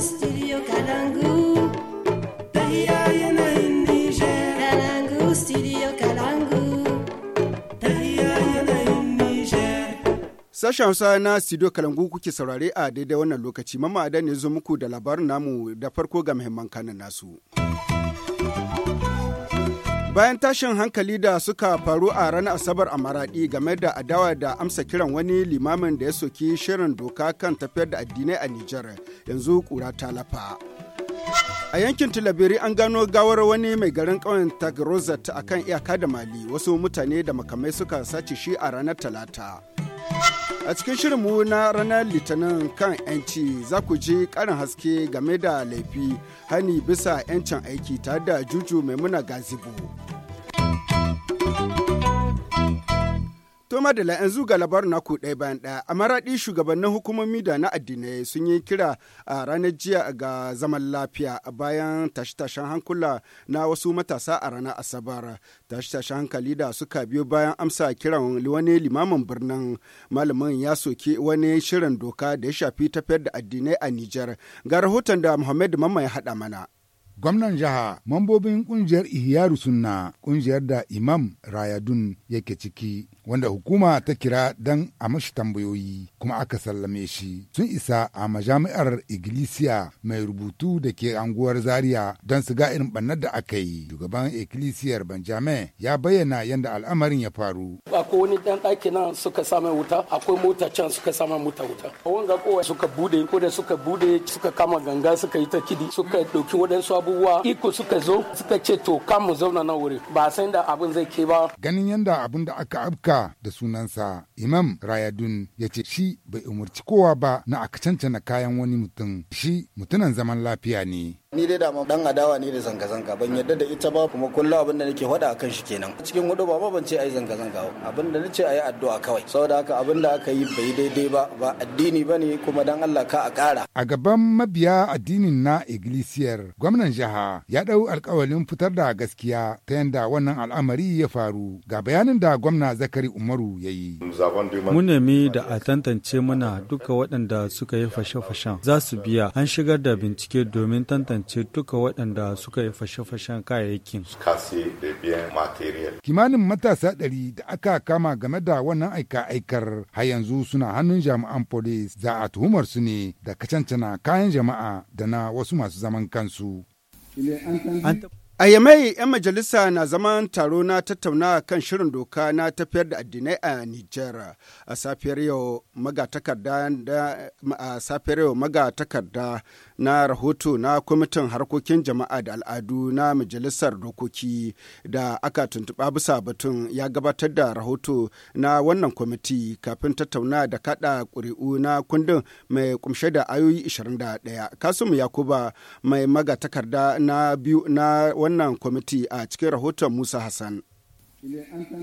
Kalangu. Sashen Hausa na studio Kalangu kuke saurare a daidai wannan lokaci. Mama Adan ya zo muku da labarin namu da farko ga muhimman kanan nasu. Bayan tashin hankali da suka faru a ranar Asabar a Maradi game da adawa da amsa kiran wani limamin da ya soki shirin doka kan tafiyar da addinai a Nijar yanzu kura ta lafa. A yankin Tilabiri an gano gawar wani mai garin ƙauyen Tagrozat a kan iyaka da Mali wasu mutane da makamai suka sace shi a ranar Talata. A cikin shirinmu na ranar Litinin kan 'yanci za ku ji ƙarin haske game da laifi hani bisa 'yancin aiki tare da juju maimuna gazibo. To Madala yanzu ga labarin naku ɗaya bayan ɗaya a maraɗi shugabannin hukumomi da na addinai sun yi kira a ranar jiya ga zaman lafiya a bayan tashe-tashen hankula na wasu matasa a ranar Asabar. Tashe-tashen hankali da suka biyo bayan amsa kiran wani limamin birnin malamin ya soke wani shirin doka da ya shafi tafiyar da addinai a Nijar. Ga rahoton da Muhammad Mamman ya haɗa mana. gwamnan jiha mambobin kungiyar ihiyaru sunna kungiyar da imam rayadun yake ciki wanda hukuma ta kira don a mashi tambayoyi kuma aka sallame shi sun isa a majami'ar iglesia mai rubutu da ke anguwar zaria don su ga irin bannar da aka yi shugaban iglesiyar benjamin ya bayyana yadda al'amarin ya faru akwai wani dan ɗaki nan suka sama wuta akwai mota can suka sama mota wuta wanga kowa suka bude ko da suka bude suka kama ganga suka yi ta kidi suka ɗauki waɗansu abubuwa iko suka zo suka ce to kan mu zauna na wuri ba san da abin zai ke ba ganin yadda abin da aka afka da sunansa Imam Rayadun ya ce shi bai umarci kowa ba na aka cancana kayan wani mutum shi mutunan zaman lafiya ne. ni dai dama dan adawa ne da zanga-zanga ban yadda da ita ba kuma kullu abin da nake hada akan shi kenan cikin hudu ba ban ce ai zanga-zanga ba abin da nace yi addu'a kawai saboda haka abin da aka yi bai daidai ba ba addini bane kuma dan Allah ka a kara a gaban mabiya addinin na iglesiyar gwamnan jiha ya dau alƙawalin fitar da gaskiya ta yanda wannan al'amari ya faru ga bayanin da gwamna zakari Bakari Umaru ya yi. Mun nemi da a tantance mana duka waɗanda suka yi fashe-fashen za su biya an shigar da bincike domin tantance duka waɗanda suka yi fashe-fashen kayayyakin. Kimanin matasa ɗari da aka kama game da wannan aika-aikar har yanzu suna hannun jami'an polis za a tuhumar su ne da kacancana kayan jama'a da na wasu masu zaman kansu. A Yamai, 'yan majalisa na zaman taro na tattauna kan shirin doka na tafiyar da addinai a Nijar. A safiyar yau magatakarda na rahoto na kwamitin harkokin jama'a da al'adu na majalisar dokoki da aka tuntuɓa bisa batun ya gabatar da rahoto na wannan kwamiti kafin tattauna da kaɗa ƙuri'u na kundin mai kumshe da ayoyi 21. Kasimu Yakuba mai magatakarda na biyu na wannan kwamiti a cikin rahoton Musa Hassan.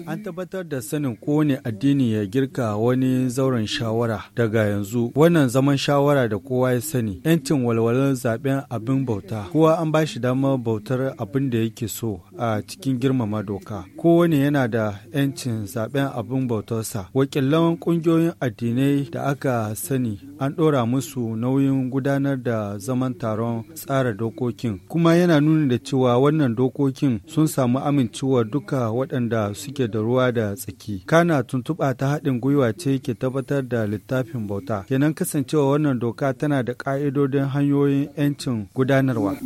An tabbatar da sanin kowane addini ya girka wani zauren shawara daga yanzu wannan zaman shawara da kowa ya sani yancin walwalar zaben abin bauta kowa an ba shi damar bautar abin da yake so a cikin girmama doka kowane yana da yancin zaben abin bautarsa wakilan ƙungiyoyin addinai da aka sani an ɗora musu nauyin gudanar da zaman taron tsara dokokin kuma yana nuni da cewa wannan dokokin sun samu amincewa duka waɗanda waɗanda suke da ruwa da tsaki. Kana tuntuɓa ta haɗin gwiwa ce ke tabbatar da littafin bauta. Kenan kasancewa wannan doka tana da ƙa'idodin hanyoyin 'yancin gudanarwa.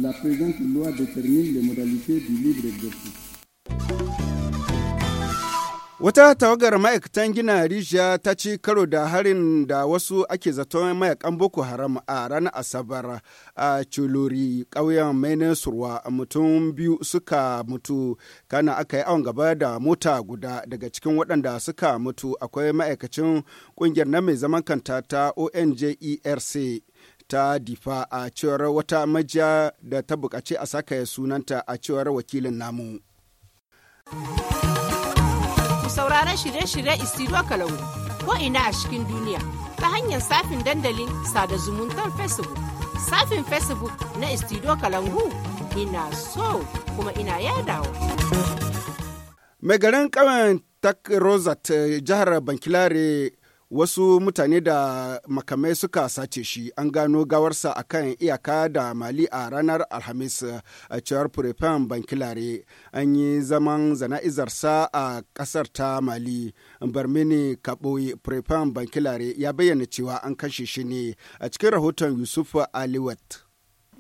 Wata tawagar ma'aikatan gina rijiya ta ci karo da harin da wasu ake zato mayakan Boko Haram a ranar Asabar a cilori ƙauyen Maine Surwa mutum biyu suka mutu kana aka yi awon gaba da mota guda daga cikin waɗanda suka mutu akwai ma'aikacin ƙungiyar na mai zaman kanta ta ONJERC. ta difa a cewar wata majiya da ta buƙaci a saka sunanta a cewar wakilin namu. sauraron shirye-shirye Isiro Kalangu ko ina a cikin duniya ta hanyar safin dandalin sada zumuntar Facebook. Safin Facebook na Isiro Kalangu ina so kuma ina yadawa. Mai garin kawai Tak Rosat jihar Bankilare wasu mutane da makamai suka sace shi an gano gawarsa a kan iyaka da mali a ranar alhamis a cewar prepan bankilare an yi zaman zana'izarsa a kasar ta mali barmini kaboyi prepan bankilare ya bayyana cewa an kashe shi ne a cikin rahoton yusuf aliwat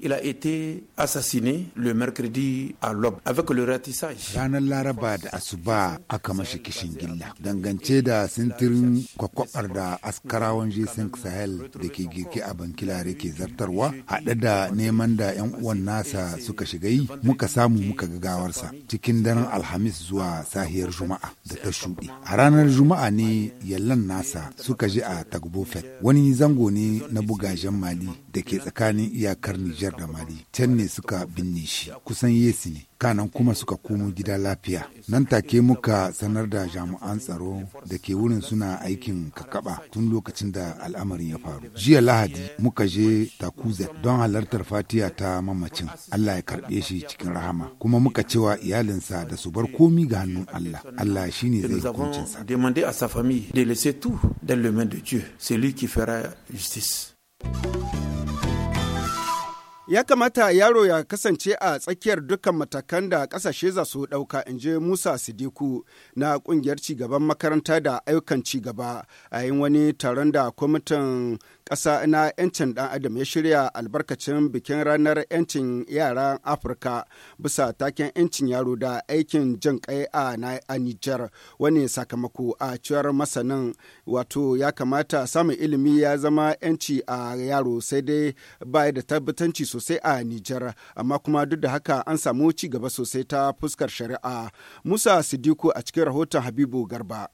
il a été assassiné le mercredi à l'aube avec le ratissage. Ranar Laraba da Asuba aka mashi kishin gilla dangance da sintirin kwakwabar da askarawan G5 Sahel da ke girki a Bankilare ke zartarwa haɗe da neman da 'yan uwan nasa suka shiga yi muka samu muka gagawarsa cikin daren Alhamis zuwa sahiyar Juma'a da ta shuɗe. A ranar Juma'a ne yallan nasa suka je a Tagbofet wani zango ne na bugajen Mali da ke tsakanin iyakar Nijar jihar da can ne suka binne shi kusan yesi ne kanan kuma suka komo gida lafiya nan take muka sanar da jami'an tsaro da ke wurin suna aikin kakaba tun lokacin da al'amarin ya faru jiya lahadi muka je takuze don halartar fatiya ta mamacin allah ya karbe shi cikin rahama kuma muka cewa iyalinsa da su bar komi ga hannun allah allah shi ne zai hukuncinsa demande a sa famille de laisser tout dans de Dieu, qui fera justice. Ya kamata yaro ya kasance a tsakiyar dukkan matakan da kasashe za su ɗauka, in je Musa Sidiku na ƙungiyar cigaban makaranta da ayyukan cigaba a yin wani taron da kwamitin ƙasa na 'yancin ɗan adam ya shirya albarkacin bikin ranar 'yancin yara afirka bisa taken 'yancin yaro da aikin jin kai a nijar wani sakamako a cewar masanin wato ya kamata samun ilimi ya zama 'yanci a yaro sai dai ba da tabbatanci sosai a nijar amma kuma duk da haka an samu ci gaba sosai ta fuskar shari'a musa sidiku a cikin rahoton habibu garba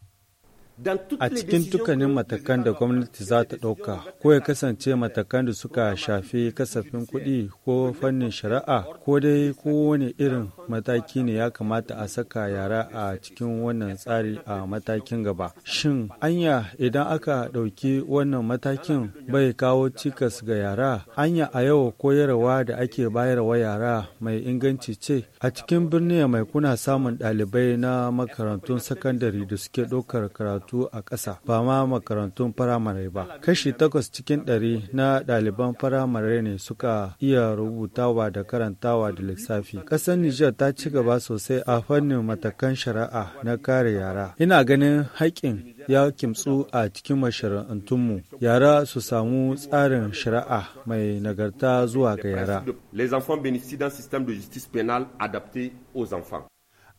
A cikin dukkanin matakan da gwamnati za ta ɗauka, ko ya kasance matakan da suka shafi kasafin kuɗi ko fannin shari'a, ko dai kowane irin mataki ne ya kamata a saka yara a cikin wannan tsari a matakin gaba. Shin anya idan aka ɗauki wannan matakin bai kawo cikas ga yara, anya a yau koyarwa da ake bayarwa yara mai inganci ce. A cikin birni mai kuna samun ɗalibai na makarantun sakandare da suke ɗaukar karatu karatu a ƙasa ba ma makarantun firamare ba. Kashi takwas cikin ɗari na ɗaliban firamare ne suka iya rubutawa da karantawa da lissafi. Ƙasar Nijar ta ci gaba sosai a fannin matakan shari'a na kare yara. Ina ganin haƙƙin ya kimtsu a cikin mashara'antunmu yara su samu tsarin shari'a mai nagarta zuwa ga yara. Les enfants bénéficient d'un système de justice pénale adapté aux enfants.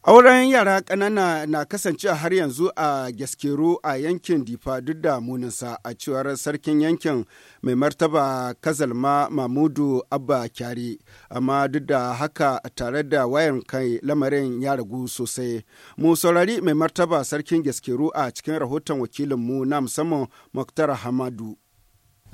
Auren yara kanana na kasance har yanzu a Gaskero a yankin Difa duk da muninsa a cewar sarkin yankin mai martaba Kazalma Mamudu Abba Kyari, amma duk da haka tare da wayan kai lamarin ya ragu sosai. Mu saurari mai martaba sarkin Gaskero a cikin rahoton wakilinmu na musamman Muktar Hamadu.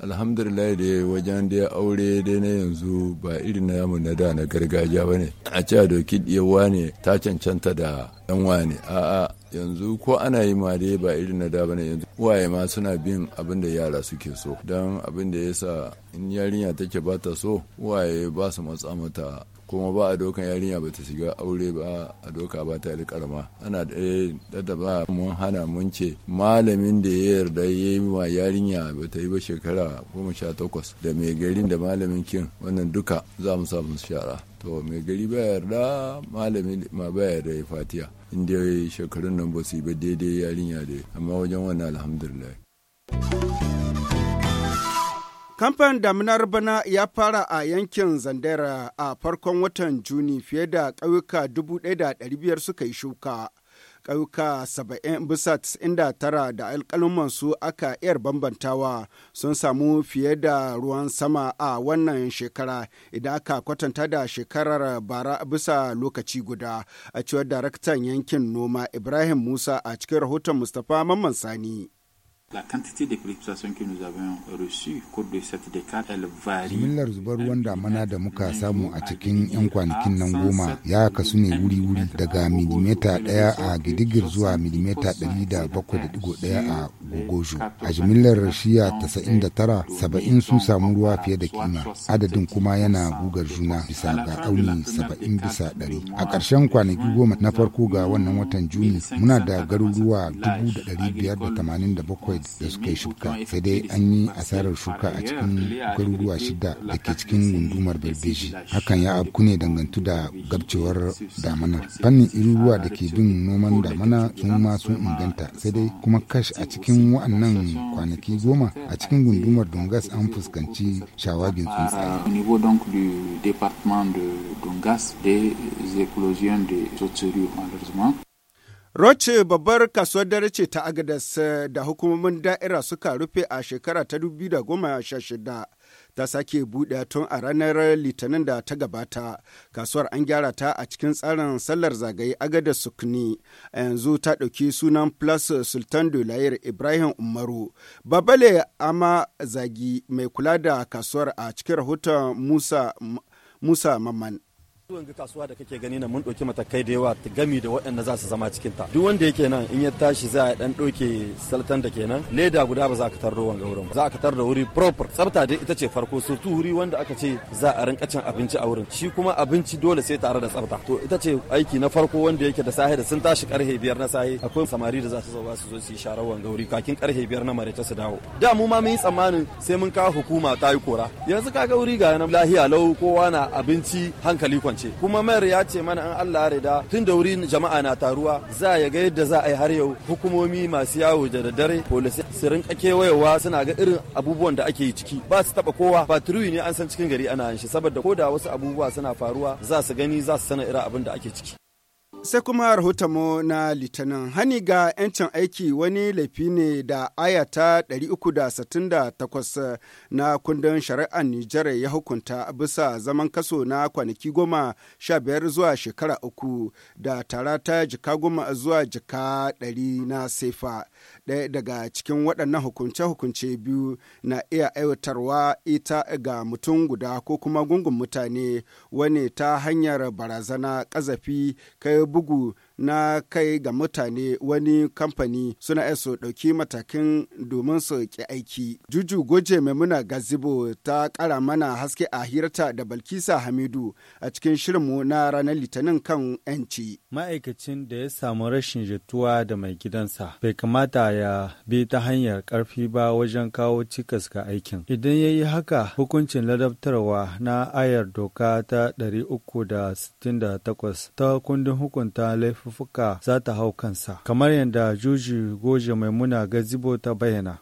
alhamdulillah da wajen da ya aure dai na yanzu ba irin namu na da na gargajiya ba ne a ce doki yawa ne ta cancanta da yan wane a'a yanzu ko ana yi ma dai ba irin na da ba ne yanzu waye ma suna bin abin da yara suke so don abin da ya sa in yarinya take ba ta so waye ba su matsa mata kuma ba a dokan yarinya ba ta shiga aure ba a doka ba ta yi karama ana da eh, ba mun hana mun ce malamin da ya yarda ya yi ma yarinya ba ta yi ba shekara goma sha takwas da mai garin da malamin kin wannan duka za mu samu shara to mai gari ba yarda malami ma ba yarda ya fatiya inda shekarun nan ba su yi ba daidai yarinya da amma wajen wannan alhamdulillah Kamfan daminar bana ya fara a yankin Zandera a farkon watan Juni fiye da ƙauyuka 1,500 suka yi shuka. ƙauyuka 70 bisa 99 da alƙaluman su aka iya bambantawa sun samu fiye da ruwan sama a wannan shekara idan aka kwatanta da shekarar bara bisa lokaci guda a cewar daraktan yankin noma ibrahim musa a cikin rahoton mustapha mamman sani La quantité de précipitation que nous avons reçues au cours de cette décade, elle varie. Jimillar zubar wanda mana da muka samu a cikin 'yan kwanakin nan goma ya kasu ne wuri-wuri daga milimeta ɗaya a gidigir zuwa milimeta ɗari da bakwai da digo ɗaya a gogojo. A jimillar shiya tasa'in da tara saba'in sun samu ruwa fiye da kima adadin kuma yana gugar juna bisa ga auni saba'in bisa ɗari. A ƙarshen kwanaki goma na farko ga wannan watan Juni muna da garuruwa dubu da ɗari biyar da tamanin da bakwai bakwai da suka yi shuka sai dai an yi asarar shuka a cikin garuruwa shida da ke cikin gundumar belbeji hakan ya abku ne dangantu da gabcewar damana fannin iruruwa da ke bin noman damana sun ma sun inganta sai dai kuma kash a cikin wa'annan kwanaki goma a cikin gundumar dongas an fuskanci shawagin tsuntsaye. Roche babbar kasuwar dare ce ta Agadas eh, da hukumomin da'ira suka rufe a shekara ta shida ta sake buɗe tun a ranar litinin da ta gabata kasuwar an gyara ta a cikin tsarin sallar zagaye agada sukni a yanzu ta ɗauki sunan plus sultan dolayar ibrahim umaru babale ama zagi mai kula da kasuwar a cikin rahoton musa musa Zuwan ga kasuwa da kake gani na mun ɗauki matakai da yawa ta gami da waɗanda za su zama cikinta, Duk wanda yake nan in ya tashi za a ɗan ɗauke saltan da kenan leda guda ba za ka tarro wanga wurin za ka tarro wuri proper tsafta dai ita ce farko surtu wuri wanda aka ce za a rinka cin abinci a wurin shi kuma abinci dole sai tare da tsafta to ita ce aiki na farko wanda yake da sahi da sun tashi karhe biyar na sahi akwai samari da za su zauwa su zo su yi sharar wanga wuri kakin karhe biyar na ta su dawo da mu ma mun yi tsammanin sai mun kawo hukuma ta yi kora yanzu kaga wuri ga nan lahiya lau kowa na abinci hankali kwan kuma mayar ya ce mana an Allah ya rida tun da wuri jama'a na taruwa za ya ga yadda za a yi har yau hukumomi masu yawo da daddare polisi su rinka kewayewa suna ga irin abubuwan da ake yi ciki ba su taba kowa patruyi ne an san cikin gari ana yin shi saboda ko da wasu abubuwa suna faruwa za su gani za su sana irin abin da ake ciki Sai kuma rahotonmu na Litinin hani ga 'yancin aiki wani laifi ne da ayata 368 na kundin shari'ar Nijar ya hukunta bisa zaman kaso na kwanaki goma sha biyar zuwa shekara uku da tara ta jika goma zuwa jika 100 na sefa. ɗaya daga cikin waɗannan hukunce-hukunce biyu na iya aiwatarwa ita ga mutum guda ko kuma gungun mutane wani ta hanyar barazana ƙazafi kai bugu na kai ga mutane wani kamfani suna iso su ɗauki matakin domin su aiki. Juju Goje Maimuna Gazibo ta ƙara mana haske a hirarta da Balkisa Hamidu a cikin shirinmu na ranar Litinin kan 'yanci. Ma'aikacin da ya samu rashin jituwa da mai gidansa bai kamata ya bi ta hanyar ƙarfi ba wajen kawo cikas ga aikin. Idan ya yi haka hukuncin ladabtarwa na ayar doka ta 368 ta kundin hukunta laifin laifuffuka za ta hau kansa kamar yadda juji goje maimuna gazibo ta bayyana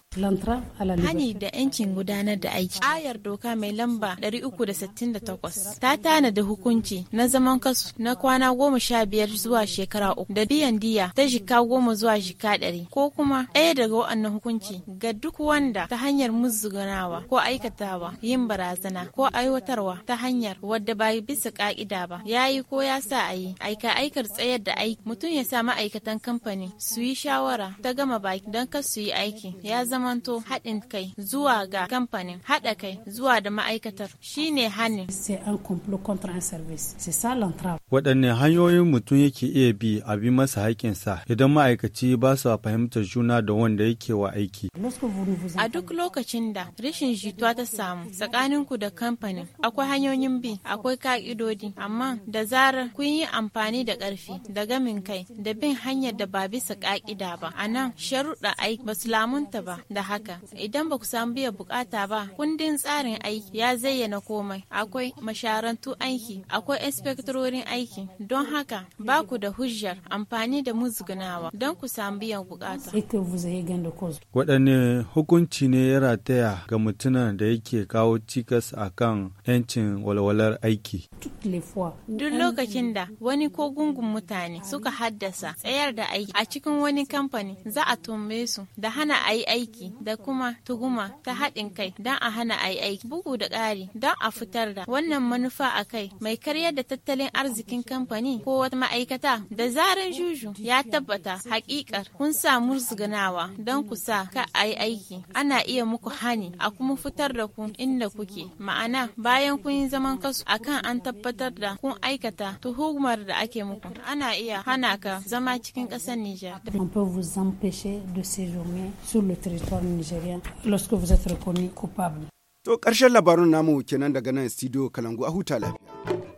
Hani da 'yancin gudanar da aiki. Ayar doka mai lamba 368 ta tanada hukunci na zaman kasu na kwana goma sha biyar zuwa shekara uku da biyan diya ta shika goma zuwa shika ɗari ko kuma ɗaya daga waɗannan hukunci ga duk wanda ta hanyar muzuganawa ko aikatawa yin barazana ko aiwatarwa ta hanyar wadda ba bisa ka'ida ba ya yi ko ya sa a yi aika aikar tsayar da aiki mutum ya sa ma'aikatan kamfani su yi shawara ta gama baki don kar su yi aiki ya zama zamanto haɗin kai zuwa ga kamfanin haɗa kai zuwa da ma'aikatar shine hannun. C'est un complot contre un service. C'est ça l'entrave. waɗanne hanyoyin mutum yake iya bi a bi masa haƙƙinsa idan ma'aikaci ba su fahimtar juna da wanda yake wa aiki. A duk lokacin da rashin jituwa ta samu tsakaninku da kamfanin akwai hanyoyin bi akwai ka'idodi amma da zarar kun yi amfani da ƙarfi da gamin kai da bin hanyar da ba bisa ƙa'ida ba a nan sharuɗa aiki ba su lamunta ba da haka idan ba ku samu biya bukata ba kundin tsarin aiki ya zayyana komai akwai masharantu aiki akwai inspektorin aiki aiki don haka ba ku da hujjar amfani da muzgunawa don ku samu biyan bukata. Waɗanne hukunci ne ya rataya ga mutumin da yake kawo cikas a kan 'yancin walwalar aiki? Duk lokacin da wani ko gungun mutane suka haddasa tsayar da aiki a cikin wani kamfani za a tumbe su da hana a aiki da kuma tuguma ta haɗin kai don a hana a aiki bugu da ƙari don a fitar da wannan manufa a kai mai karyar da tattalin arziki arzikin kamfani ko wata ma'aikata da zaran juju ya tabbata hakikar kun samu zuganawa don ku sa ka aiki ana iya muku hani a kuma fitar da ku inda kuke ma'ana bayan kun yi zaman kasu akan an tabbatar da kun aikata tuhumar da ake muku ana iya hana ka zama cikin ƙasar Nijar. On peut vous empêcher de séjourner sur le territoire nigérien lorsque vous êtes reconnu coupable. To ƙarshen labarun namu kenan daga nan studio Kalangu a huta lafiya.